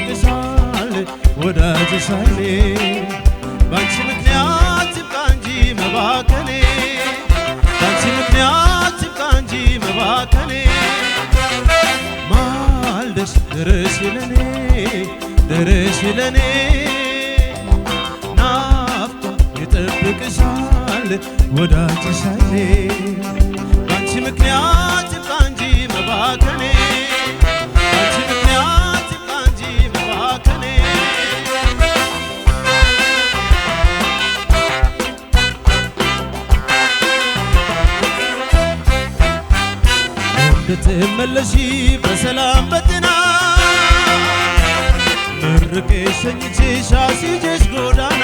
ይቅሳል ወዳጅ ሳይኔ ባንቺ ምክንያት ይብቃ እንጂ መባከኔ ባንቺ ምክንያት ይብቃ እንጂ መባከኔ ማልደስ ደረሽ ለኔ ደረሽ ለኔ ናፍቆ ይጠብቅሻል ወዳጅ ሳይኔ ባንቺ ምክንያት ይብቃ እንጂ መባከኔ እንድትመለሺ በሰላም በጤና መርቄ ሸኝቼሽ አስይዤሽ ጎዳና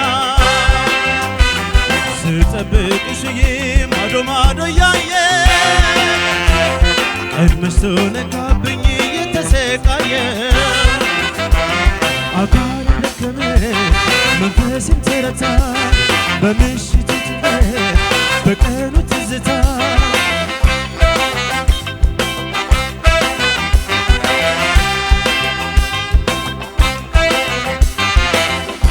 ስጠብቅሽዬ ማዶ ማዶ እያየ ቀን መሽቶ ነጋብኝ እየተሰቃየ አካል ደከመ መንፈስም ተረታ በምሽት ጭንቀት በቀኑ ትዝታ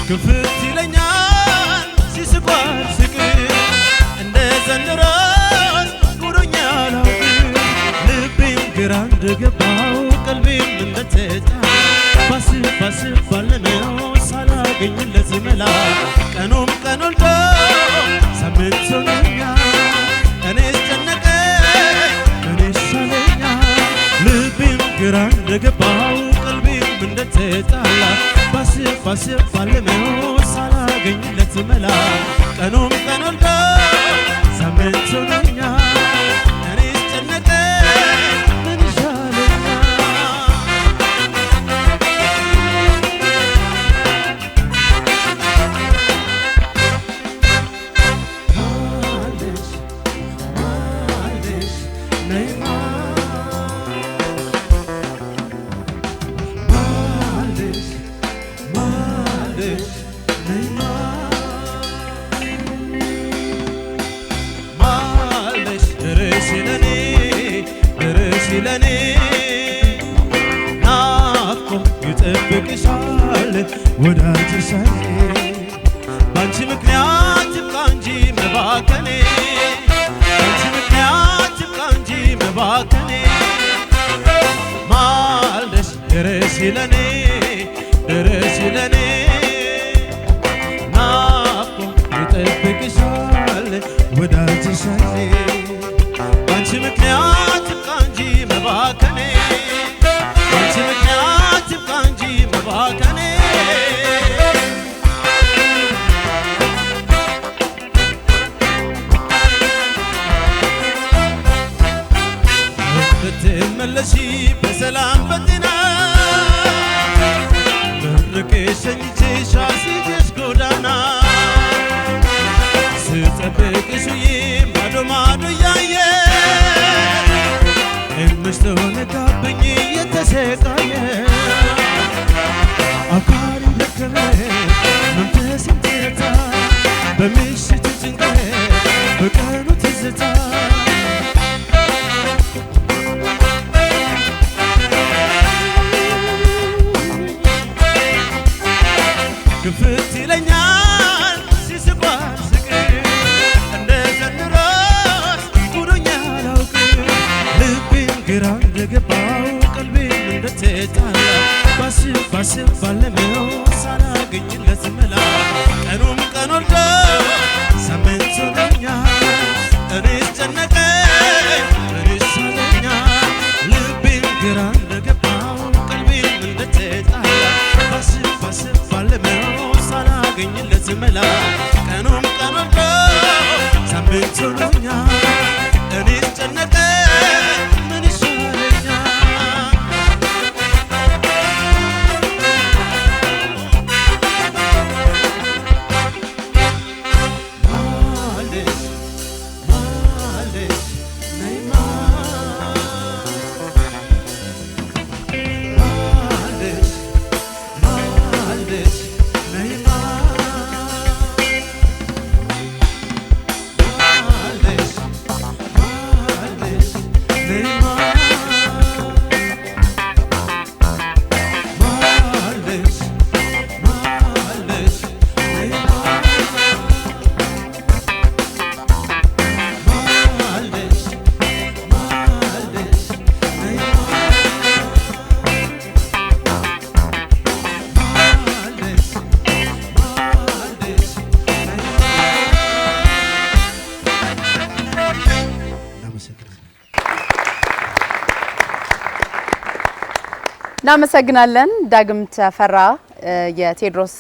ክፍት ይለኛል ሲስባል ፍቅር እንደ ዘንድሮስ ጉዶኛል ልቤም ግራ እንደገባው ቀልቤም እንደተታ ባስብ ባስብ ባለነው ሳላገኝለት መላ ቀኑም ቀን ወልዶ ግራ እንደገባው ቀልቤም እንደተጣላ ባስብ ባስብ ሳላገኝለት መላ ቀኑም ቀኑን ከኔ ናፍቆ ይጠብቅሻል ወዳጅ ሰኔ ባንቺ ምክንያት ትብቃ መባከኔ ባንቺ ምክንያት መባከኔ ማልደሽ ለኔ ስትመለሺ በሰላም በጤና ክፍት ይለኛል ሲስቋ ስቅር እንደ ዘንድሮስ ጉዶኛ ላውቅ ልቤም ግራ እንደገባው ቀልቤም እንደተጣላ ባስብ ባስብ ባለሜው ሳላገኝለት ቀኑም ቀኑም ሳምንት ሆኖኛል እኔ ጨነቀ እናመሰግናለን። ዳግም ተፈራ የቴዎድሮስ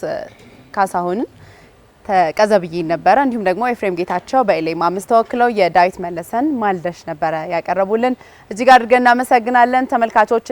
ካሳሁንን ተቀዘብዬን ነበረ። እንዲሁም ደግሞ ኤፍሬም ጌታቸው በኤሌም አምስት ተወክለው የዳዊት መለሰን ማልደሽ ነበረ ያቀረቡልን። እጅግ አድርገን እናመሰግናለን ተመልካቾች።